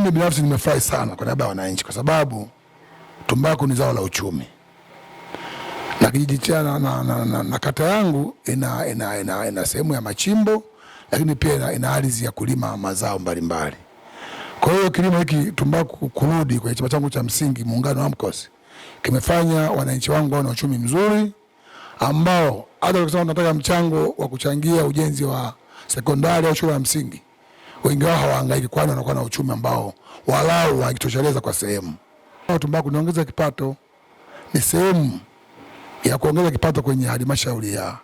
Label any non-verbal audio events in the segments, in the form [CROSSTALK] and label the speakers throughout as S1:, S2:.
S1: Mimi binafsi nimefurahi sana kwa niaba ya wananchi, kwa sababu tumbaku ni zao la uchumi na kijiji cha na, na, na, na, na kata yangu ina, ina, ina, ina sehemu ya machimbo lakini pia ina, ina ardhi ya kulima mazao mbalimbali. Kwa hiyo kilimo hiki tumbaku kurudi kwenye chama changu cha msingi muungano wa mkosi kimefanya wananchi wangu wawe na uchumi mzuri ambao hata ukisema tunataka mchango wa kuchangia ujenzi wa sekondari au shule ya msingi wengi wao hawahangaiki, kwani wanakuwa na uchumi ambao walau wanajitosheleza kwa sehemu. Tumbaku inaongeza kipato, ni sehemu ya kuongeza kipato kwenye halmashauri ya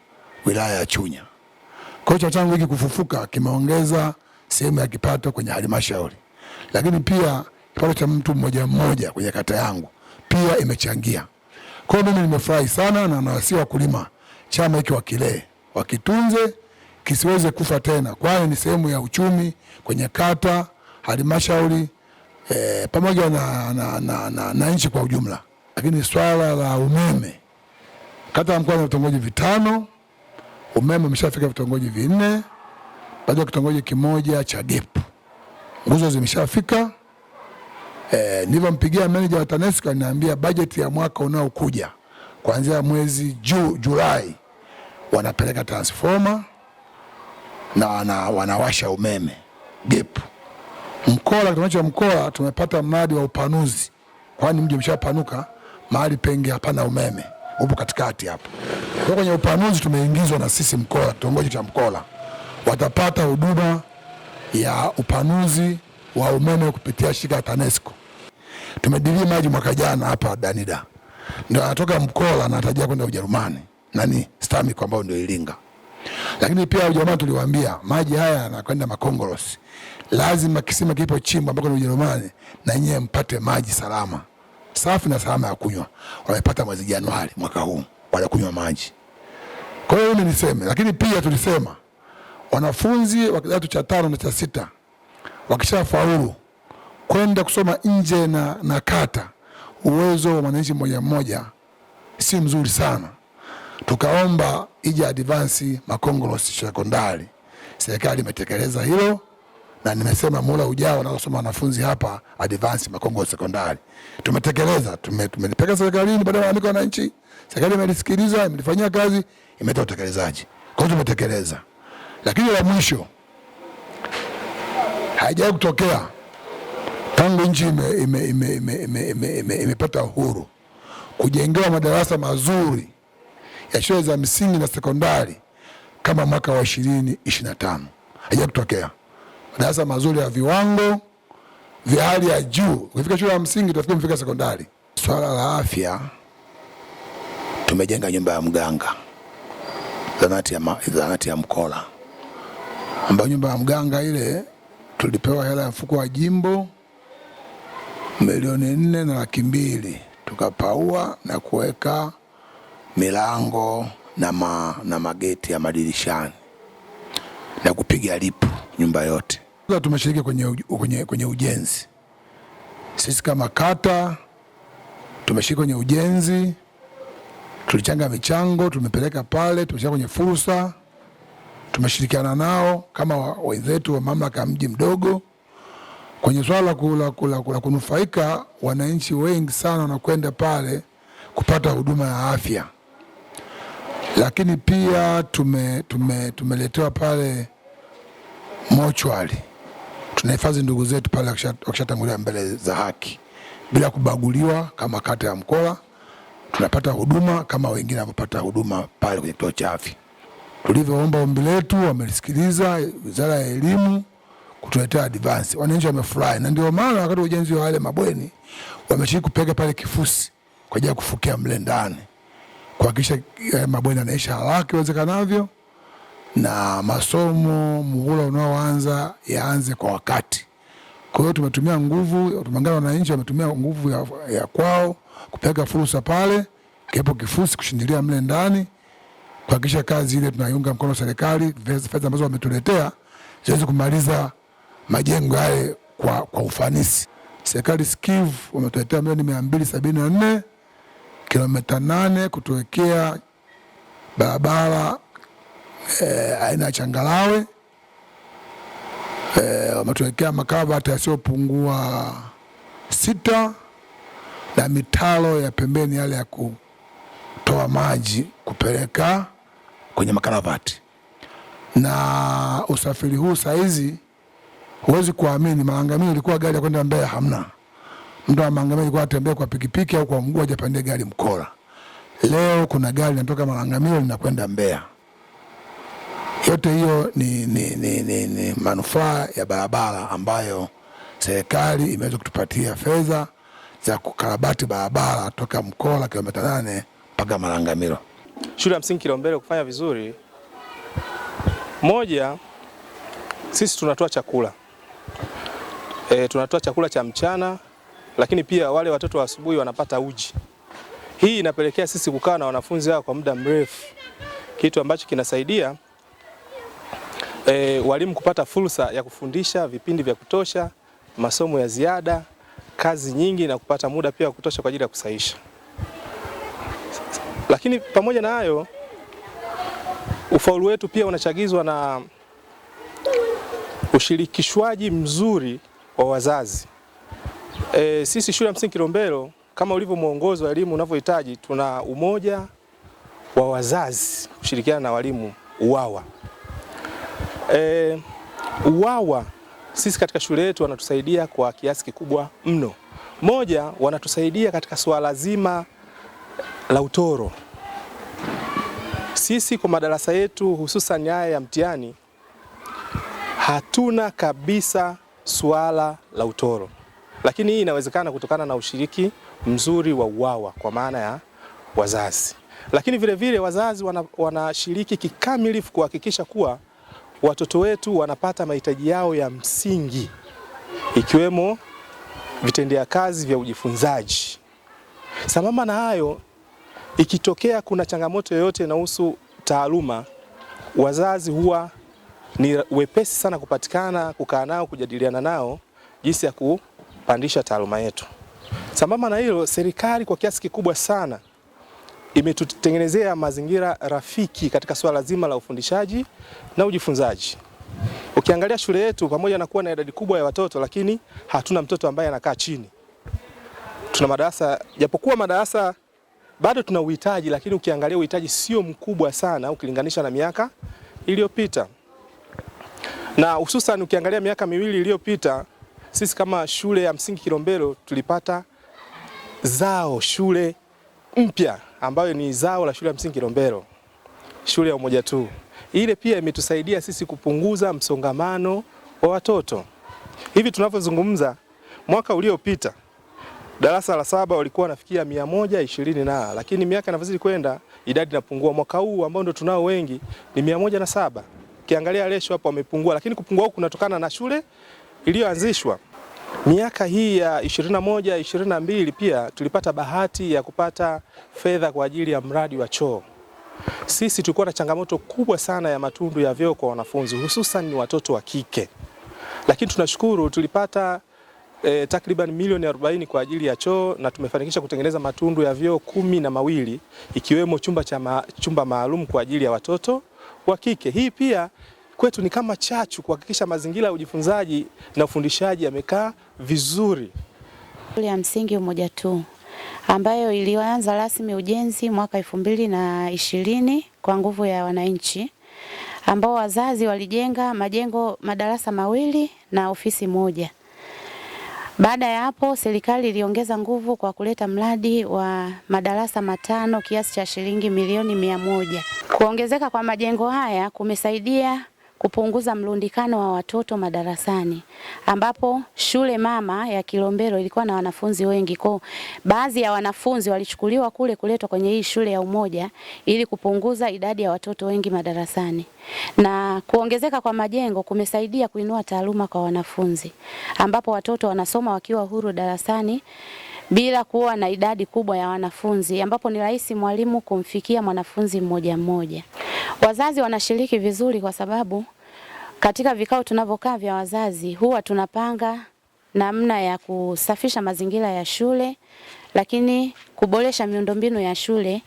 S1: wilaya ya Chunya. Kwa hiyo changu hiki kufufuka kimeongeza sehemu ya kipato kwenye halmashauri, lakini pia kipato cha mtu mmoja mmoja kwenye kata yangu pia imechangia. Kwa hiyo mimi nimefurahi sana, na nawasihi wakulima chama hiki wakilee, wakitunze kisiweze kufa tena, kwani ni sehemu ya uchumi kwenye kata, halmashauri e, pamoja na, na, na, na, na nchi kwa ujumla. Lakini swala la umeme, kata ya Mkwawa na vitongoji vitano, umeme umeshafika vitongoji vinne, baada ya kitongoji kimoja cha dip nguzo zimeshafika. E, nilivyompigia meneja wa TANESCO niambia bajeti ya mwaka unaokuja kuanzia mwezi ju, Julai wanapeleka transformer na wana, wanawasha umeme gepu. Mkola, kitongoji cha Mkola tumepata mradi wa upanuzi, kwani mji umeshapanuka, mahali pengi hapana umeme, upo katikati hapo. Kwa kwenye upanuzi tumeingizwa na sisi Mkola, kitongoji cha Mkola watapata huduma ya upanuzi wa umeme kupitia shirika la TANESCO. Tumedili maji mwaka jana hapa Danida, ndio anatoka Mkola anatarajia kwenda Ujerumani nani STAMICO ambayo ndio Iringa. Lakini pia Ujerumani tuliwaambia maji haya yanakwenda Makongorosi, lazima kisima kipo chimbo ambako ni Ujerumani na nyewe mpate maji salama safi na salama ya kunywa. Wamepata mwezi Januari mwaka huu wanakunywa maji. Kwa hiyo mimi niseme, lakini pia tulisema wanafunzi wa kidato cha tano na cha sita wakishafaulu kwenda kusoma nje na, na kata, uwezo wa mwananchi mmoja mmoja si mzuri sana tukaomba ije advansi Makongorosi sekondari. Serikali imetekeleza hilo na nimesema muda ujao naosoma wanafunzi hapa advance Makongorosi sekondari. Tumetekeleza, tumelipeka serikalini baada ya malalamiko ya wananchi. Serikali imelisikiliza, imelifanyia kazi, imetoa utekelezaji. Kwa hiyo tumetekeleza. Lakini la mwisho haijawahi kutokea tangu nchi imepata uhuru kujengewa madarasa mazuri ya shule za msingi na sekondari kama mwaka wa ishirini ishirini na tano haija kutokea. Madarasa mazuri ya viwango vya hali ya juu, ukifika shule ya msingi utafika mfika sekondari. Swala la afya, tumejenga nyumba ya mganga zanati ya, ma, zanati ya Mkola ambayo nyumba ya mganga ile tulipewa hela ya mfuko wa jimbo milioni nne na laki mbili tukapaua na kuweka milango na, ma, na mageti ya madirishani na kupiga lipu nyumba yote. Tumeshiriki kwenye, kwenye, kwenye ujenzi sisi kama kata tumeshiriki kwenye ujenzi, tulichanga michango, tumepeleka pale, tumeshiriki kwenye fursa, tumeshirikiana nao kama wenzetu wa mamlaka ya mji mdogo kwenye swala la kunufaika. Wananchi wengi sana wanakwenda pale kupata huduma ya afya lakini pia tume, tume, tumeletewa pale mochwali tunahifadhi ndugu zetu pale wakishatangulia mbele za haki bila kubaguliwa. Kama kata ya Mkola tunapata huduma kama wengine wanapata huduma pale kwenye kituo cha afya. Tulivyoomba ombi letu, wamelisikiliza. Wizara ya Elimu kutuletea advance, wananchi wamefurahi, na ndio maana wakati wa ujenzi wa wale mabweni wameshiriki kupega pale kifusi kwa ajili ya kufukia mle ndani kuhakikisha eh, mabweni yanaisha haraka iwezekanavyo, na masomo muhula unaoanza yaanze kwa wakati. Kwa hiyo tumetumia nguvu, tumeungana wananchi, wametumia nguvu ya, ya kwao kupeleka fursa pale kiwepo kifusi kushindilia mle ndani kuhakikisha kazi ile tunaiunga mkono serikali, fedha ambazo wametuletea ziweze kumaliza majengo yale kwa, kwa ufanisi. Serikali sikivu wametuletea milioni mia mbili sabini na nne kilomita nane kutuwekea barabara e, aina ya changarawe eh, wametuwekea e, yasiyopungua sita na mitaro ya pembeni yale ya kutoa maji kupeleka kwenye makaravati. Na usafiri huu saizi, huwezi kuamini, Malangamio ilikuwa gari ya kwenda Mbeya hamna mtu amangamizi alikuwa atembee kwa pikipiki au kwa mguu hajapande gari mkora Leo kuna gari linatoka Malangamilo linakwenda Mbeya. Yote hiyo ni, ni, ni, ni, ni manufaa ya barabara ambayo serikali imeweza kutupatia fedha za kukarabati barabara toka Mkola kilomita nane mpaka marangamiro
S2: Shule ya msingi Kilombero kufanya vizuri, moja, sisi tunatoa chakula e, tunatoa chakula cha mchana lakini pia wale watoto wa asubuhi wanapata uji. Hii inapelekea sisi kukaa na wanafunzi hao kwa muda mrefu, kitu ambacho kinasaidia e, walimu kupata fursa ya kufundisha vipindi vya kutosha, masomo ya ziada, kazi nyingi na kupata muda pia wa kutosha kwa ajili ya kusahisha. Lakini pamoja na hayo, ufaulu wetu pia unachagizwa na ushirikishwaji mzuri wa wazazi E, sisi shule ya msingi Kilombero kama ulivyo mwongozo wa elimu unavyohitaji, tuna umoja wa wazazi kushirikiana na walimu UWAWA. E, UWAWA sisi katika shule yetu wanatusaidia kwa kiasi kikubwa mno. Moja, wanatusaidia katika suala zima la utoro. Sisi kwa madarasa yetu hususan haya ya mtihani hatuna kabisa suala la utoro lakini hii inawezekana kutokana na ushiriki mzuri wa UWAWA kwa maana ya wazazi, lakini vilevile vile wazazi wanashiriki wana kikamilifu kuhakikisha kuwa watoto wetu wanapata mahitaji yao ya msingi ikiwemo vitendea kazi vya ujifunzaji. Sambamba na hayo, ikitokea kuna changamoto yoyote inahusu taaluma, wazazi huwa ni wepesi sana kupatikana, kukaa nao, kujadiliana nao jinsi ya ku kupandisha taaluma yetu. Sambamba na hilo, serikali kwa kiasi kikubwa sana imetutengenezea mazingira rafiki katika swala zima la ufundishaji na ujifunzaji. Ukiangalia shule yetu pamoja na kuwa na idadi kubwa ya watoto, lakini hatuna mtoto ambaye anakaa chini. Tuna madarasa, japokuwa madarasa bado tuna uhitaji, lakini ukiangalia uhitaji sio mkubwa sana ukilinganisha na miaka iliyopita, na hususan ukiangalia miaka miwili iliyopita sisi kama shule ya msingi Kilombero tulipata zao shule mpya ambayo ni zao la shule ya msingi Kilombero, shule ya Umoja tu. Ile pia imetusaidia sisi kupunguza msongamano wa watoto. Hivi tunavyozungumza, mwaka uliopita darasa la saba walikuwa wanafikia mia moja ishirini na, lakini miaka inavyozidi kwenda idadi inapungua. Mwaka huu ambao ndio tunao wengi ni mia moja na saba. Ukiangalia lesho hapo wamepungua, lakini kupungua huku kunatokana na shule iliyoanzishwa miaka hii ya 21 22, pia tulipata bahati ya kupata fedha kwa ajili ya mradi wa choo. Sisi tulikuwa na changamoto kubwa sana ya matundu ya vyoo kwa wanafunzi hususan ni watoto wa kike, lakini tunashukuru tulipata e, takriban milioni 40 kwa ajili ya choo na tumefanikisha kutengeneza matundu ya vyoo kumi na mawili ikiwemo chumba cha ma, chumba maalum kwa ajili ya watoto wa kike. Hii pia kwetu ni kama chachu kuhakikisha mazingira ya ujifunzaji na ufundishaji yamekaa vizuri.
S3: Shule ya msingi Umoja tu ambayo ilianza rasmi ujenzi mwaka elfu mbili na ishirini kwa nguvu ya wananchi ambao wazazi walijenga majengo madarasa mawili na ofisi moja. Baada ya hapo, serikali iliongeza nguvu kwa kuleta mradi wa madarasa matano kiasi cha shilingi milioni mia moja. Kuongezeka kwa majengo haya kumesaidia kupunguza mlundikano wa watoto madarasani, ambapo shule mama ya Kilombero ilikuwa na wanafunzi wengi, kwa baadhi ya wanafunzi walichukuliwa kule kuletwa kwenye hii shule ya Umoja ili kupunguza idadi ya watoto wengi madarasani. Na kuongezeka kwa majengo kumesaidia kuinua taaluma kwa wanafunzi, ambapo watoto wanasoma wakiwa huru darasani bila kuwa na idadi kubwa ya wanafunzi, ambapo ni rahisi mwalimu kumfikia mwanafunzi mmoja mmoja. Wazazi wanashiriki vizuri kwa sababu katika vikao tunavyokaa vya wazazi huwa tunapanga namna ya kusafisha mazingira ya shule, lakini kuboresha miundombinu ya shule,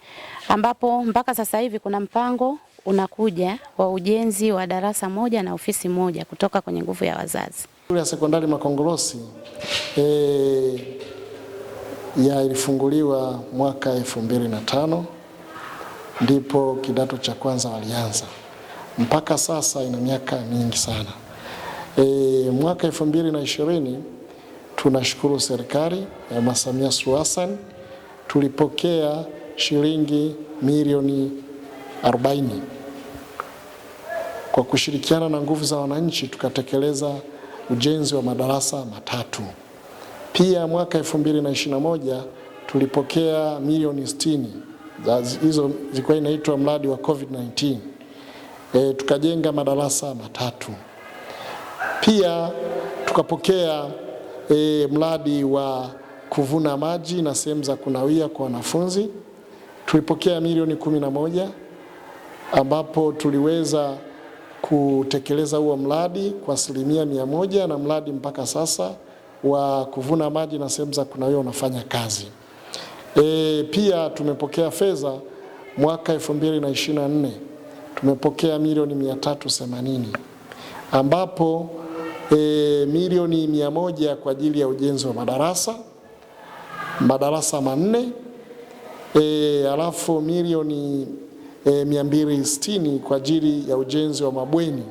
S3: ambapo mpaka sasa hivi kuna mpango unakuja wa ujenzi wa darasa moja na ofisi moja kutoka kwenye nguvu ya wazazi.
S1: Shule ya sekondari Makongorosi eh, ya ilifunguliwa mwaka elfu mbili na tano ndipo kidato cha kwanza walianza mpaka sasa ina miaka mingi sana. E, mwaka elfu mbili na ishirini tunashukuru serikali ya Mama Samia Suluhu Hassan tulipokea shilingi milioni 40 kwa kushirikiana na nguvu za wananchi tukatekeleza ujenzi wa madarasa matatu. Pia mwaka 2021 tulipokea milioni 60 hizo zilikuwa inaitwa mradi wa COVID-19. E, tukajenga madarasa matatu. Pia tukapokea e, mradi wa kuvuna maji na sehemu za kunawia kwa wanafunzi tulipokea milioni kumi na moja ambapo tuliweza kutekeleza huo mradi kwa asilimia mia moja na mradi mpaka sasa wa kuvuna maji na sehemu za kunawia unafanya kazi. E, pia tumepokea fedha mwaka 2024 tumepokea milioni 380 ambapo e, milioni 100 kwa ajili ya ujenzi wa madarasa madarasa manne e, alafu milioni e, 260 kwa ajili ya ujenzi wa mabweni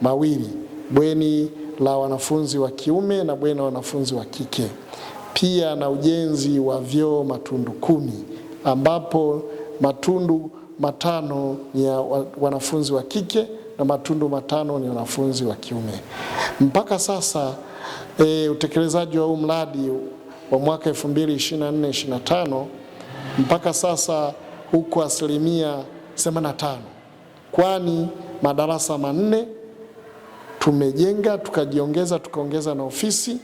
S1: mawili bweni la wanafunzi wa kiume na bweni la wanafunzi wa kike, pia na ujenzi wa vyoo matundu kumi ambapo matundu matano ni ya wanafunzi wa kike na matundu matano ni wanafunzi wa kiume. Mpaka sasa e, utekelezaji wa huu mradi wa mwaka 2024 2025 mpaka sasa huko asilimia 85, kwani madarasa manne tumejenga tukajiongeza, tukaongeza na ofisi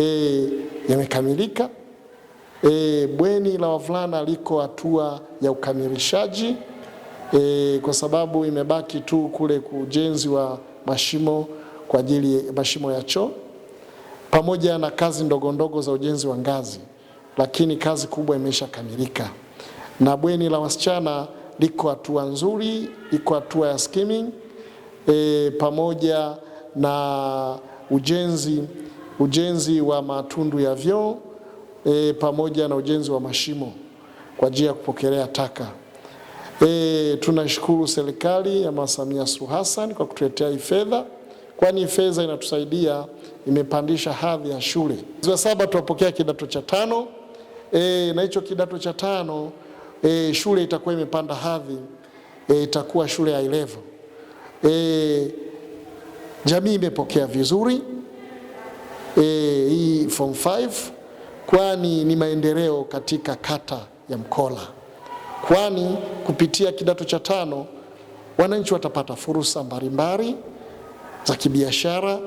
S1: e, yamekamilika. E, bweni la wavulana liko hatua ya ukamilishaji e, kwa sababu imebaki tu kule ujenzi wa mashimo kwa ajili mashimo ya choo pamoja na kazi ndogo ndogo za ujenzi wa ngazi, lakini kazi kubwa imeshakamilika. Na bweni la wasichana liko hatua nzuri, liko hatua ya skimming e, pamoja na ujenzi, ujenzi wa matundu ya vyoo e, pamoja na ujenzi wa mashimo kwa ajili ya kupokelea taka. E, tunashukuru serikali ya Mama Samia Suluhu Hassan kwa kutuletea hii fedha, kwani fedha inatusaidia, imepandisha hadhi ya shule. Mwezi wa saba tuwapokea kidato cha tano e, na hicho kidato cha tano e, shule itakuwa imepanda hadhi e, itakuwa shule ya ilevo e, jamii imepokea vizuri e, hii e, form 5 kwani ni maendeleo katika kata ya Mkola, kwani kupitia kidato cha tano wananchi watapata fursa mbalimbali za kibiashara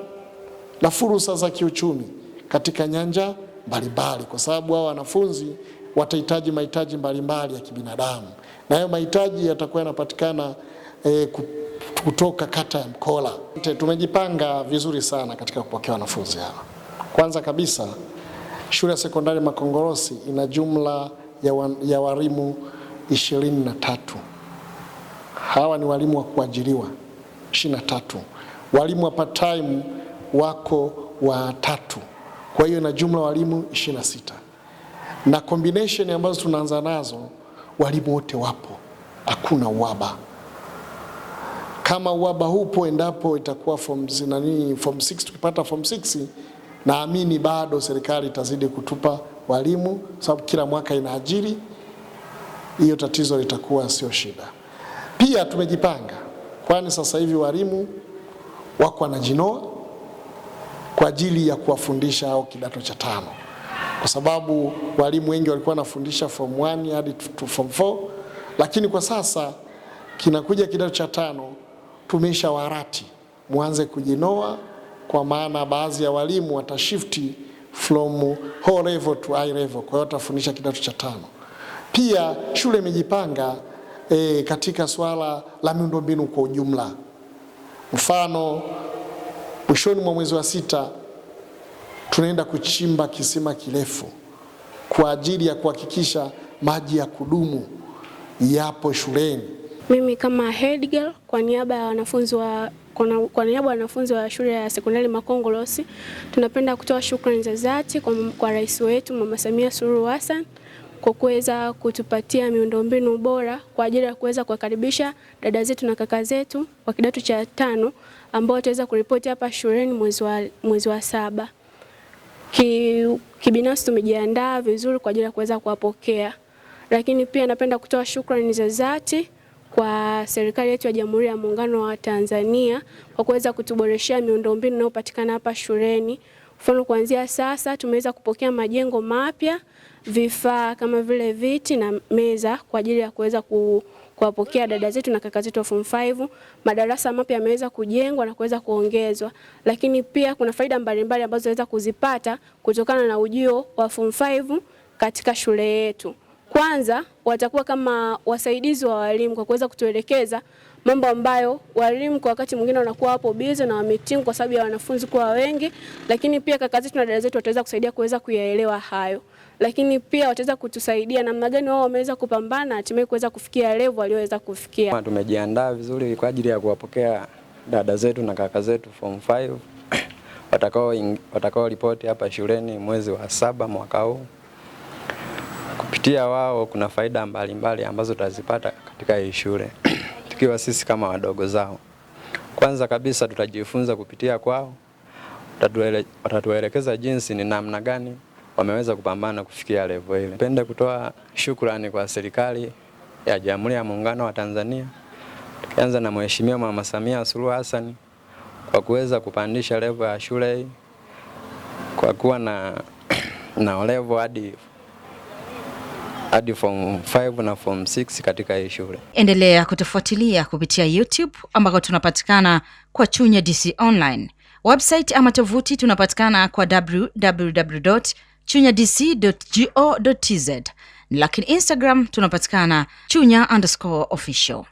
S1: na fursa za kiuchumi katika nyanja mbalimbali, kwa sababu hao wanafunzi watahitaji mahitaji mbalimbali ya kibinadamu, na hayo mahitaji yatakuwa yanapatikana eh, kutoka kata ya Mkola. Tumejipanga vizuri sana katika kupokea wanafunzi hawa. Kwanza kabisa, shule ya sekondari Makongorosi ina jumla ya, wa, ya walimu ishirini na tatu. Hawa ni walimu wa kuajiriwa ishirini na tatu. Walimu wa part time wako watatu, kwa hiyo ina jumla walimu ishirini na sita na combination ambazo tunaanza nazo, walimu wote wapo, hakuna uhaba kama uaba hupo, endapo itakuwa form nani, form 6 tukipata form 6 naamini bado serikali itazidi kutupa walimu, sababu kila mwaka inaajiri, hiyo tatizo litakuwa sio shida. Pia tumejipanga, kwani sasa hivi walimu wako wanajinoa kwa ajili ya kuwafundisha au kidato cha tano, kwa sababu walimu wengi walikuwa wanafundisha form 1 hadi form 4, lakini kwa sasa kinakuja kidato cha tano tumesha warati, mwanze kujinoa, kwa maana baadhi ya walimu watashifti from whole level to high level, kwa hiyo watafundisha kidato cha tano. Pia shule imejipanga e, katika swala la miundombinu kwa ujumla. Mfano, mwishoni mwa mwezi wa sita tunaenda kuchimba kisima kirefu kwa ajili ya kuhakikisha maji ya kudumu yapo shuleni.
S4: Mimi kama head girl kwa niaba ya wanafunzi wa kwa niaba ya wanafunzi wa shule ya sekondari Makongolosi tunapenda kutoa shukrani za dhati kwa, kwa rais wetu Mama Samia Suluhu Hassan kwa kuweza kutupatia miundombinu bora kwa ajili ya kuweza kuwakaribisha dada zetu na kaka zetu wa kidato cha tano ambao wataweza kuripoti hapa shuleni mwezi wa, mwezi wa saba. Kibinafsi tumejiandaa vizuri kwa ajili ya kuweza kuwapokea, lakini pia napenda kutoa shukrani za dhati kwa serikali yetu ya Jamhuri ya Muungano wa Tanzania kwa kuweza kutuboreshea miundombinu inayopatikana hapa shuleni. Mfano, kuanzia sasa tumeweza kupokea majengo mapya, vifaa kama vile viti na meza kwa ajili ya kuweza ku kuwapokea dada zetu na kaka zetu wa form 5. Madarasa mapya yameweza kujengwa na kuweza kuongezwa, lakini pia kuna faida mbalimbali ambazo waweza kuzipata kutokana na ujio wa form 5 katika shule yetu. Kwanza watakuwa kama wasaidizi wa walimu kwa kuweza kutuelekeza mambo ambayo walimu kwa wakati mwingine wanakuwa wapo bize na wametimu kwa sababu ya wanafunzi kuwa wengi, lakini pia kaka zetu na dada zetu wataweza kusaidia kuweza kuyaelewa hayo, lakini pia wataweza kutusaidia namna gani wao wameweza kupambana hatimaye kuweza kufikia levo walioweza kufikia.
S5: Tumejiandaa vizuri kwa ajili ya kuwapokea dada zetu na kaka zetu form 5 [CLEARS THROAT] watakao watakao ripoti hapa shuleni mwezi wa saba mwaka huu kupitia wao kuna faida mbalimbali mbali ambazo tutazipata katika hii shule [CLEARS THROAT] tukiwa sisi kama wadogo zao. Kwanza kabisa tutajifunza kupitia kwao, watatuelekeza jinsi ni namna gani wameweza kupambana kufikia level ile. Napenda kutoa shukrani kwa serikali ya Jamhuri ya Muungano wa Tanzania, tukianza na Mheshimiwa Mama Samia Suluhu Hassan kwa kuweza kupandisha level ya shule hii kwa kuwa na [CLEARS THROAT] na level hadi hadi form 5 na form 6 katika hii shule.
S6: Endelea kutufuatilia kupitia YouTube ambako tunapatikana kwa Chunya DC Online. Website ama tovuti tunapatikana kwa www chunya dc go tz, lakini Instagram tunapatikana chunya underscore official.